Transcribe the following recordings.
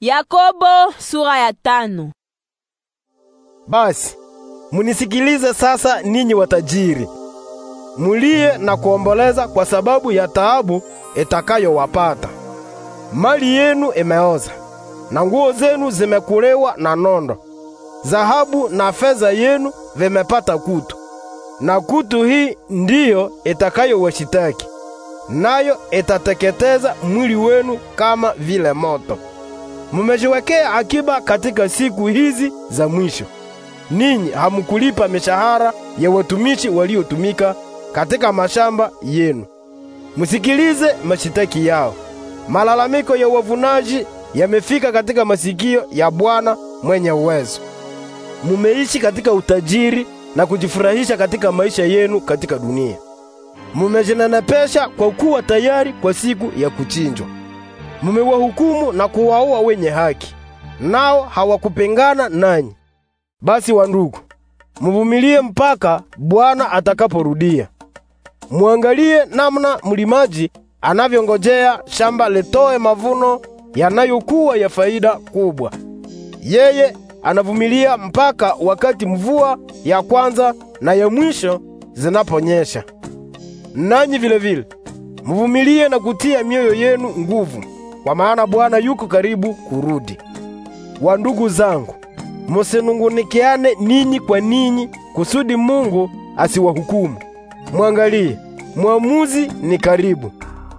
Yakobo sura ya tano. Basi munisikilize sasa, ninyi watajiri, mulie na kuomboleza kwa sababu ya taabu itakayowapata. Mali yenu imeoza na nguo zenu zimekulewa na nondo. zahabu na fedha yenu vimepata kutu, na kutu hii ndiyo itakayowashitaki, nayo itateketeza mwili wenu kama vile moto mumejiwekea akiba katika siku hizi za mwisho. Ninyi hamukulipa mishahara ya watumishi waliotumika katika mashamba yenu. Musikilize mashitaki yao. Malalamiko ya wavunaji yamefika katika masikio ya Bwana mwenye uwezo. Mumeishi katika utajiri na kujifurahisha katika maisha yenu katika dunia. Mumejinenepesha kwa kuwa tayari kwa siku ya kuchinjwa mumewahukumu na kuwaua wenye haki, nao hawakupengana nanyi. Basi wandugu, muvumilie mpaka Bwana atakaporudia. Muangalie namna mlimaji anavyongojea shamba letoe mavuno yanayokuwa ya faida kubwa. Yeye anavumilia mpaka wakati mvua ya kwanza na ya mwisho zinaponyesha. Nanyi vilevile muvumilie na kutia mioyo yenu nguvu, kwa maana Bwana yuko karibu kurudi. Wandugu zangu, musinungunikiane ninyi kwa ninyi kusudi Mungu asiwahukumu. Mwangalie, mwamuzi ni karibu,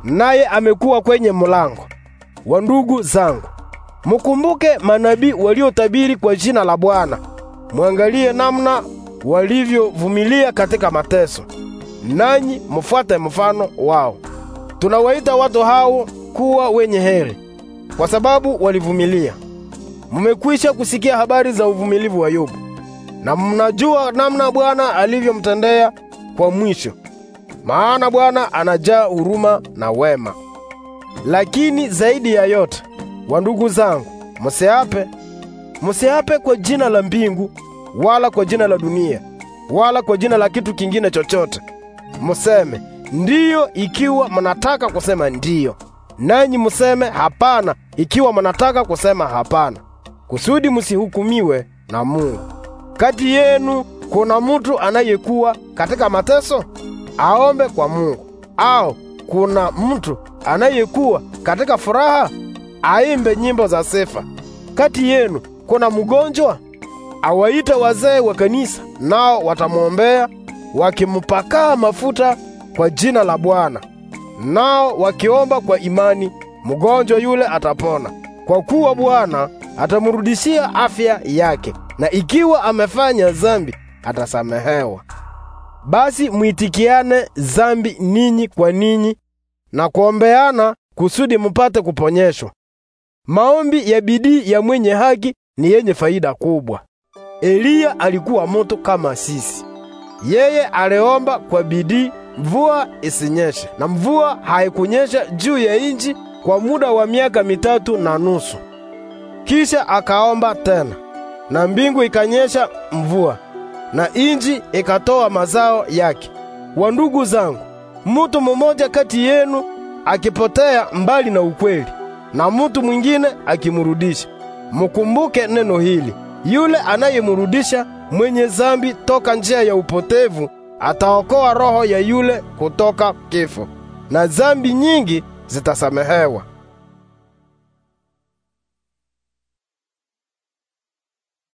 naye amekuwa kwenye mulango. Wandugu zangu, mukumbuke manabii waliotabiri kwa jina la Bwana. Mwangalie namna walivyovumilia katika mateso, nanyi mufuate mfano wao. Tunawaita watu hao kuwa wenye heri, kwa sababu walivumilia. Mmekwisha kusikia habari za uvumilivu wa Yobu, na mnajua namna Bwana alivyomtendea kwa mwisho, maana Bwana anajaa huruma na wema. Lakini zaidi ya yote, wandugu zangu, msiape, msiape kwa jina la mbingu wala kwa jina la dunia wala kwa jina la kitu kingine chochote. Museme ndiyo ikiwa mnataka kusema ndiyo nanyi museme hapana, ikiwa munataka kusema hapana, kusudi musihukumiwe na Mungu. Kati yenu kuna mutu anayekuwa katika mateso? Aombe kwa Mungu. Au kuna mtu anayekuwa katika furaha? Aimbe nyimbo za sifa. Kati yenu kuna mgonjwa? Awaite wazee wa kanisa, nao watamwombea, wakimpakaa mafuta kwa jina la Bwana. Nao wakiomba kwa imani, mgonjwa yule atapona, kwa kuwa Bwana atamrudishia afya yake, na ikiwa amefanya zambi atasamehewa. Basi mwitikiane zambi ninyi kwa ninyi na kuombeana kusudi mupate kuponyeshwa. Maombi ya bidii ya mwenye haki ni yenye faida kubwa. Eliya alikuwa moto kama sisi. Yeye aliomba kwa bidii mvua isinyeshe, na mvua haikunyesha juu ya inji kwa muda wa miaka mitatu na nusu. Kisha akaomba tena, na mbingu ikanyesha mvua, na inji ikatoa mazao yake. Wandugu zangu, mutu mmoja kati yenu akipotea mbali na ukweli na mutu mwingine akimurudisha, mukumbuke neno hili: yule anayemurudisha mwenye zambi toka njia ya upotevu ataokoa roho ya yule kutoka kifo, na dhambi nyingi zitasamehewa.